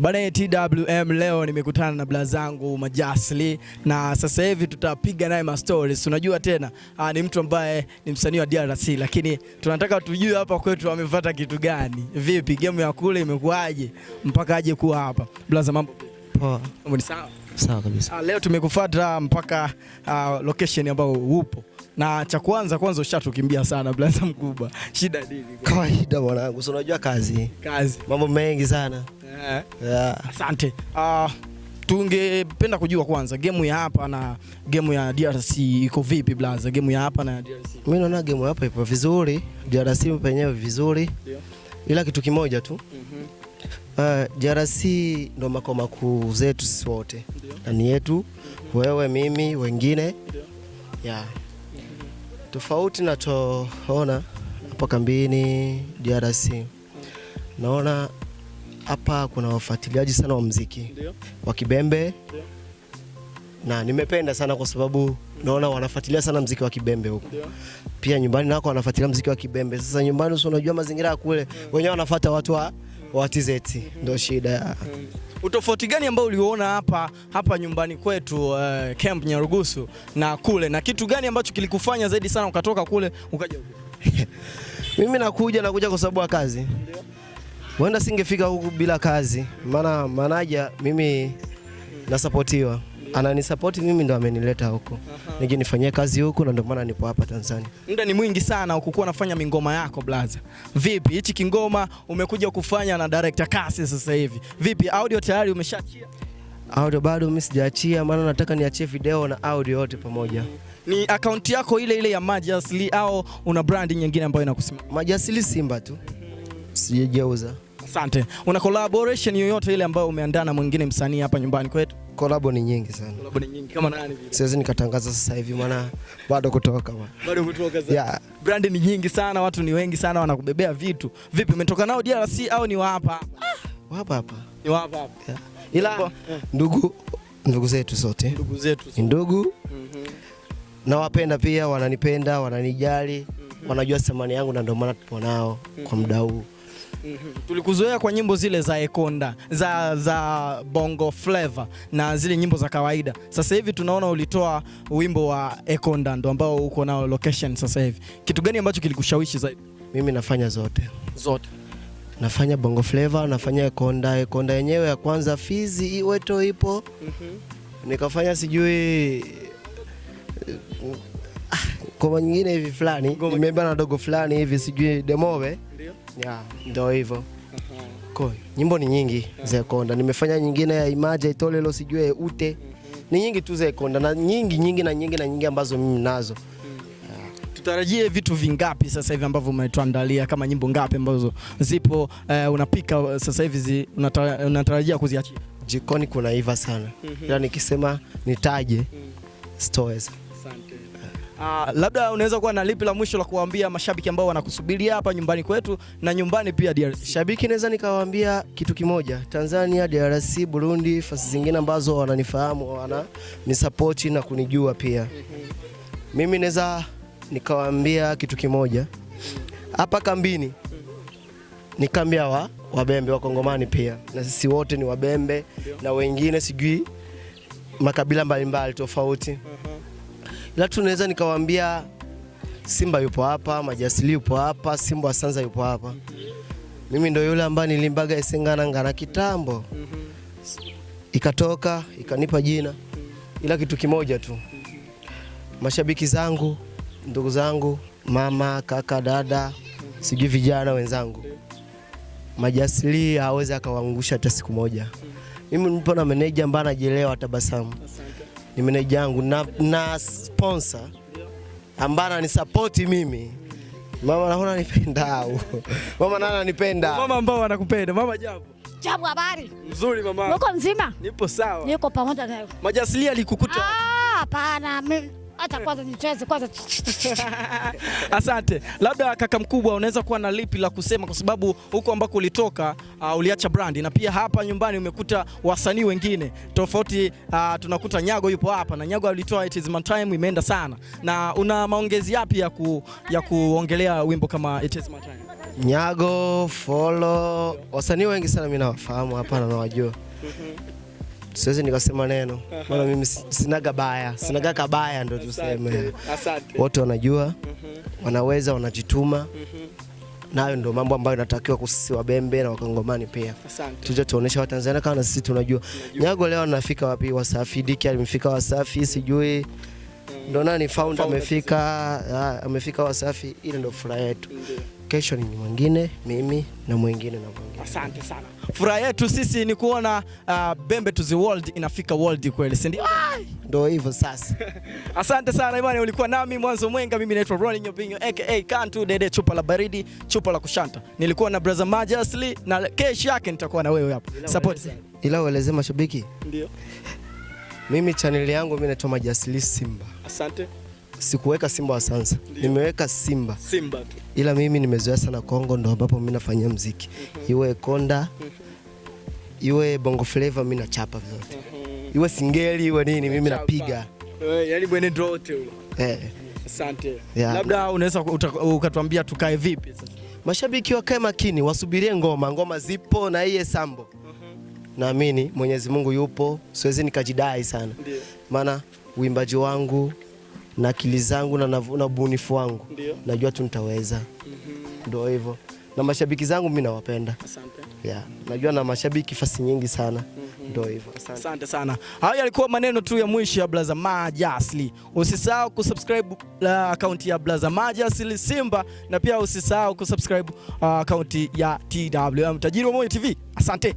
Bana TWM leo nimekutana na bla zangu Majasli na sasa hivi tutapiga naye ma stories. Unajua tena aa, ah, ni mtu ambaye ni msanii wa DRC lakini tunataka tujue hapa kwetu amefuata kitu gani. Vipi game ya kule imekuaje mpaka aje kuwa hapa? Bla mambo. Poa. Mbona sawa. Sawa kabisa. Ah, leo tumekufuata mpaka uh, location ambayo upo na cha kwanza kwanza ushatukimbia sana blaza mkubwa, shida nini? Kawaida mwanangu, si unajua kazi kazi, mambo mengi sana yeah. Yeah. Asante uh, tungependa kujua kwanza gemu ya hapa na gemu ya DRC iko vipi blaza? Gemu ya hapa na ya DRC, mimi naona gemu hapa ipo vizuri, DRC penyewe vizuri yeah. Ila kitu kimoja tu mm Uh, eh, JRC ndo makao makuu zetu sisi wote ndani yetu, wewe, mimi, wengine ya yeah. Tofauti na toona hapa kambini JRC, naona hapa kuna wafuatiliaji sana wa mziki wa kibembe na nimependa sana kwa sababu naona wanafuatilia sana mziki wa kibembe huko. Pia nyumbani nako wanafuatilia mziki wa kibembe. Sasa nyumbani, si unajua mazingira ya kule, wenyewe wanafuata watu wa wa TZ ndo shida ya mm. Utofauti gani ambao uliona hapa hapa nyumbani kwetu uh, camp Nyarugusu na kule, na kitu gani ambacho kilikufanya zaidi sana ukatoka kule ukaja Mimi nakuja nakuja kwa sababu ya kazi, wenda singefika huku bila kazi, maana manaja mimi nasapotiwa ananisapoti mimi, ndo amenileta huku nije nifanyie kazi huku, na ndio maana nipo hapa Tanzania. Muda ni mwingi sana ukukuwa nafanya mingoma yako blaza. Vipi hichi kingoma umekuja kufanya na director Kasi sasa hivi, vipi audio tayari umeshaachia? Audio bado mimi sijaachia, maana nataka niachie video na audio yote pamoja. Ni akaunti yako ile ile ya Majasili au una brand nyingine ambayo inakusimama? Majasili Simba tu, sijegeuza. Asante. Una collaboration yoyote ile ambayo umeandaa na mwingine msanii hapa nyumbani kwetu? kolabo ni nyingi sana. Kolabo ni nyingi kama nani vile? Siwezi nikatangaza sasa hivi maana bado kutoka bwana. Bado kutoka sana. Yeah. Brand ni nyingi sana, watu ni wengi sana wanakubebea vitu. Vipi umetoka nao DRC au ni wa hapa? Ah, hapa hapa. Ni wa hapa hapa. Yeah. Ila ndugu ndugu zetu sote. Ndugu zetu sote. Ndugu. Mhm. Mm nawapenda pia, wananipenda, wananijali, mm -hmm. wanajua thamani yangu na ndio maana tupo nao mm -hmm. kwa mhm. muda huu. Mm -hmm. Tulikuzoea kwa nyimbo zile za Ekonda za, za Bongo Flava na zile nyimbo za kawaida. Sasa hivi tunaona ulitoa wimbo wa Ekonda ndo ambao uko nao location sasa hivi. Kitu gani ambacho kilikushawishi zaidi? Mimi nafanya zote zote, nafanya Bongo Flava, nafanya Ekonda. Ekonda yenyewe ya kwanza Fizi Iweto ipo mm -hmm. nikafanya sijui ah, koma nyingine hivi fulani na dogo fulani hivi sijui demowe yeah, ndio hivyo. nyimbo ni nyingi za Konda, nimefanya nyingine ya Imaje Itolelo, sijue ute ni nyingi tu za Konda na nyingi nyingi na nyingi na nyingi ambazo mimi nazo hmm. Tutarajie vitu vingapi sasa hivi ambavyo umetuandalia, kama nyimbo ngapi ambazo zipo uh, unapika sasa hivi unata, unatarajia kuziachia? Jikoni kunaiva sana ila mm -hmm. Yaani nikisema nitaje mm -hmm. Ah, labda unaweza kuwa na lipi la mwisho la kuwaambia mashabiki ambao wanakusubiria hapa nyumbani kwetu na nyumbani pia DRC? Shabiki naweza nikawaambia kitu kimoja, Tanzania, DRC, Burundi, fasi zingine ambazo wananifahamu wana nisapoti na kunijua pia. Mimi naweza nikawaambia kitu kimoja hapa kambini, ni kambi wa wabembe wakongomani pia, na sisi wote ni wabembe na wengine sijui makabila mbalimbali uh tofauti Latu naweza nikawaambia Simba yupo hapa, Majasili yupo hapa, Simba Sanza yupo hapa. Mimi ndo yule ambaye nilimbaga Esengana ngana kitambo, ikatoka ikanipa jina, ila kitu kimoja tu, mashabiki zangu, ndugu zangu, mama, kaka, dada, sijui vijana wenzangu, Majasili hawezi akawaangusha hata siku moja. Mimi nipo na meneja ambaye anajielewa tabasamu ni meneja yangu na, na sponsor ambaye ananisapoti mimi mama, naona nipenda au mama nana nipenda mama, ambao wanakupenda mama. Jambo jambo, habari nzuri mama, uko mzima? Nipo sawa, niko pamoja nawe. Majasilia alikukuta? Ah, hapana Acha kwanza nicheze kwanza. Asante. Labda kaka mkubwa, unaweza kuwa na lipi la kusema, kwa sababu huko ambako ulitoka uh, uliacha brandi na pia hapa nyumbani umekuta wasanii wengine tofauti. Uh, tunakuta Nyago yupo hapa na Nyago alitoa It is my time imeenda sana, na una maongezi yapi ya, ku, ya kuongelea wimbo kama It is my time? Nyago Folo, wasanii wengi sana mimi nawafahamu hapa na nawajua mhm siwezi nikasema neno, maana mimi sinaga baya, sinaga kabaya, ndo tuseme. Wote wanajua, mhm. wanaweza, wanajituma mhm. nayo ndo mambo ambayo natakiwa kusisi Wabembe na Wakongomani pia tuja tuonesha Watanzania kama na sisi tunajua. Nyago leo anafika wapi? Wasafi Diki alimfika Wasafi, sijui mm. ndo nani founder amefika, ah, amefika Wasafi. Ile ndo furaha yetu kesho ni mwingine, mimi na mwingine na mwingine. Asante sana. Furaha yetu sisi ni kuona uh, Bembe to the world inafika world kweli, si ndio? Ndio hivyo sasa. Asante sana Imani, ulikuwa nami mwanzo mwenga. Mimi naitwa Ronnie Nyobinyo aka Kantu Dede, chupa la baridi, chupa la kushanta. Nilikuwa na brother Majesty na kesho yake nitakuwa na wewe hapo. Support. Ila ueleze mashabiki. Ndio. Mimi chaneli yangu mimi naitwa Majesty Simba. Asante sikuweka Simba wa Sansa, nimeweka Simba, Simba tu. Ila mimi nimezoea sana Kongo, ndo ambapo mimi nafanyia mziki mm -hmm. iwe konda mm -hmm. iwe bongo flavor mimi nachapa vyote mm -hmm. iwe singeli iwe nini, mimi napiga eh, yaani bwenendo wote ule eh. Asante. Yeah, labda unaweza ukatuambia tukae vipi sasa? Mashabiki wakae makini, wasubirie ngoma, ngoma zipo na iye sambo mm -hmm. Naamini Mwenyezi Mungu yupo, siwezi nikajidai sana, maana uimbaji wangu na akili zangu na ubunifu wangu Ndiyo. najua tu nitaweza mhm. ndio. mm -hmm. Hivyo na mashabiki zangu mimi nawapenda. Asante. Yeah. Najua na mashabiki fasi nyingi sana mhm. ndio. mm -hmm. Hivyo asante. Asante sana. Hayo yalikuwa maneno tu ya mwisho ya Blaza Majasli. Usisahau kusubscribe akaunti ya Blaza Majasli Simba na pia usisahau kusubscribe uh, akaunti ya TWM Tajiri wa Moyo TV. Asante.